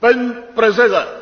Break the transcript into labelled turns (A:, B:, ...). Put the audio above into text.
A: Pan prezident.